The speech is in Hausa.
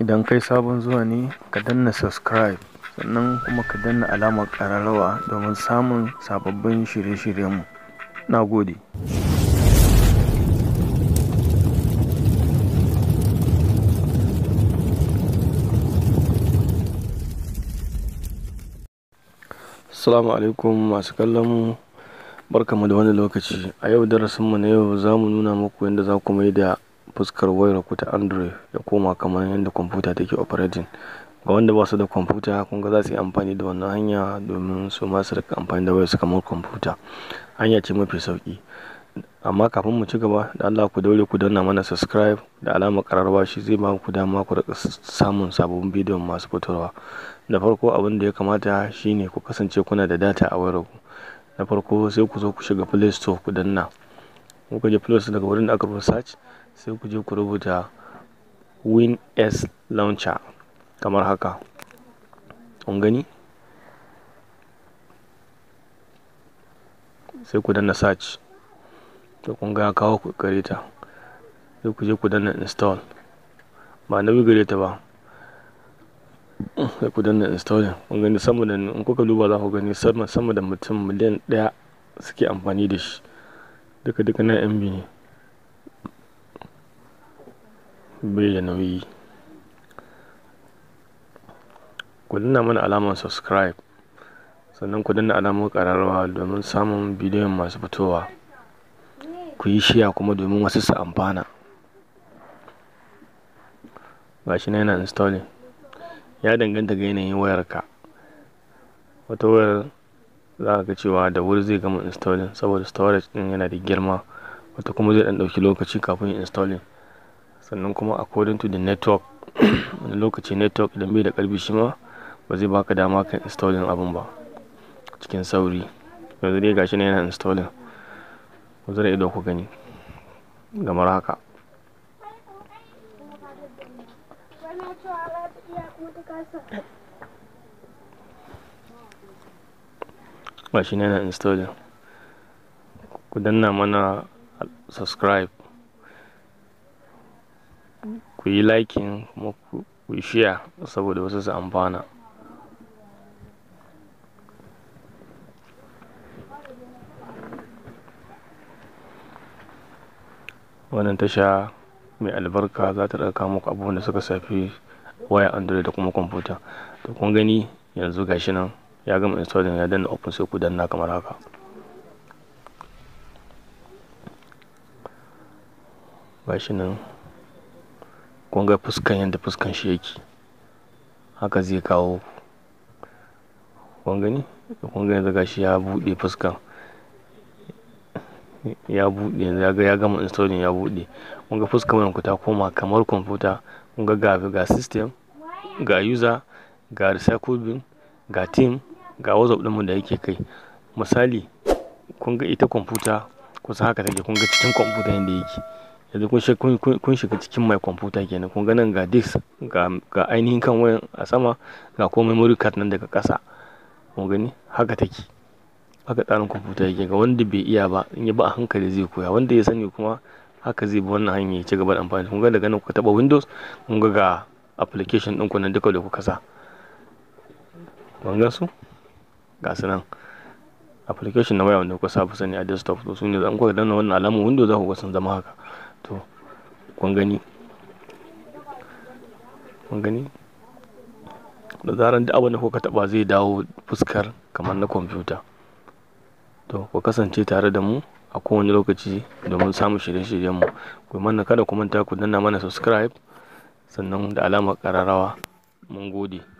Idan kai sabon zuwa ne, ka danna subscribe sannan kuma ka danna alamar ƙararrawa domin samun sababbin shirye-shiryenmu. Na gode. Assalamu alaikum masu kallon barkamu da wani lokaci. A yau darasinmu na yau za mu nuna muku yadda za ku mai da fuskar wayar ku ta Android ya koma kamar yadda kwamfuta take operating. Ga wanda ba su da kwamfuta kun ga za su yi amfani da wannan hanya domin su ma su riƙa amfani da wayarsu kamar kwamfuta. Hanya ce mafi sauki Amma kafin mu ci gaba, da Allah ku daure ku danna mana subscribe da alamar ƙararrawa shi zai ba ku dama ku rika samun sabon bidiyon masu fitowa. Da farko abin da ya kamata shine ku kasance kuna da data a ku Na farko sai ku zo ku shiga Play Store ku danna. ku je Play Store daga wurin da aka rubuta search sai ku je ku rubuta s Launcher kamar haka. Kun gani? Sai ku danna search. To kun ga kawo ku gare ta. Sai ku je ku danna install. Ba nauyi gare ta ba. Sai ku danna install Kun gani sama da in kuka duba za ku gani sama sama da mutum miliyan ɗaya suke amfani da shi. Duka duka na MB ne. bayyana da nauyi ku danna mana alamar subscribe sannan ku danna alamar ƙararrawa domin samun bidiyon masu fitowa ku yi shiya kuma domin wasu su amfana shi na yana installing ya danganta ga yanayin wayarka wata wayar za a ga cewa da wuri zai gama installing saboda storage din yana da girma wata kuma zai dan dauki lokaci kafin installing sannan kuma according to the network wani lokaci network idan bai da karfi shi ma ba zai baka dama ka installing abun ba cikin sauri yanzu dai gashi na yana installing ba zai ido ku gani gamar haka gashi na yana installing ku danna mana subscribe ku yi liking kuma ku yi share saboda wasu su amfana wannan tasha mai albarka za ta ɗauka muku abubuwan da suka safi waya android da kuma kwamfuta da kun gani yanzu gashi nan ya gama installing ya danna open sai ku danna kamar haka gashi nan kun ga fuskan yadda fuskan shi yake haka zai kawo gani kun yanzu gashi ya buɗe fuskan ya buɗe ya gama installin ya buɗe kun ga fuskan wani kuta ta koma kamar kwamfuta kun ga ga ga system ga user ga recycle bin ga team ga whatsapp ɗinmu da yake kai misali kun ga ita kwamfuta kusa haka take kun ga cikin kwamfuta yadda yake yanzu kun shiga cikin mai kwamfuta kenan kun ganin ga disk ga ainihin kan wayan a sama ga kuma memory card nan daga kasa kun gani haka take haka tsarin kwamfuta yake ga wanda bai iya ba in ya ba a hankali zai koya wanda ya sani kuma haka zai bi wannan hanya ya ci gaba da amfani kun ga daga nan kuka taba windows kun ga ga application ɗin nan duka da kuka sa wanga su ga su nan application na waya wanda kuka sa sani a desktop to su ne zan kuka danna wannan alamar windows za ku ga sun zama haka to kun gani kun gani da zaran duk abin da kuka taba zai dawo fuskar kamar na kwamfuta to ku kasance tare da mu a kowane lokaci domin samun shirye-shiryenmu ku mana kada ku manta ku danna mana subscribe sannan da alamar kararrawa mun gode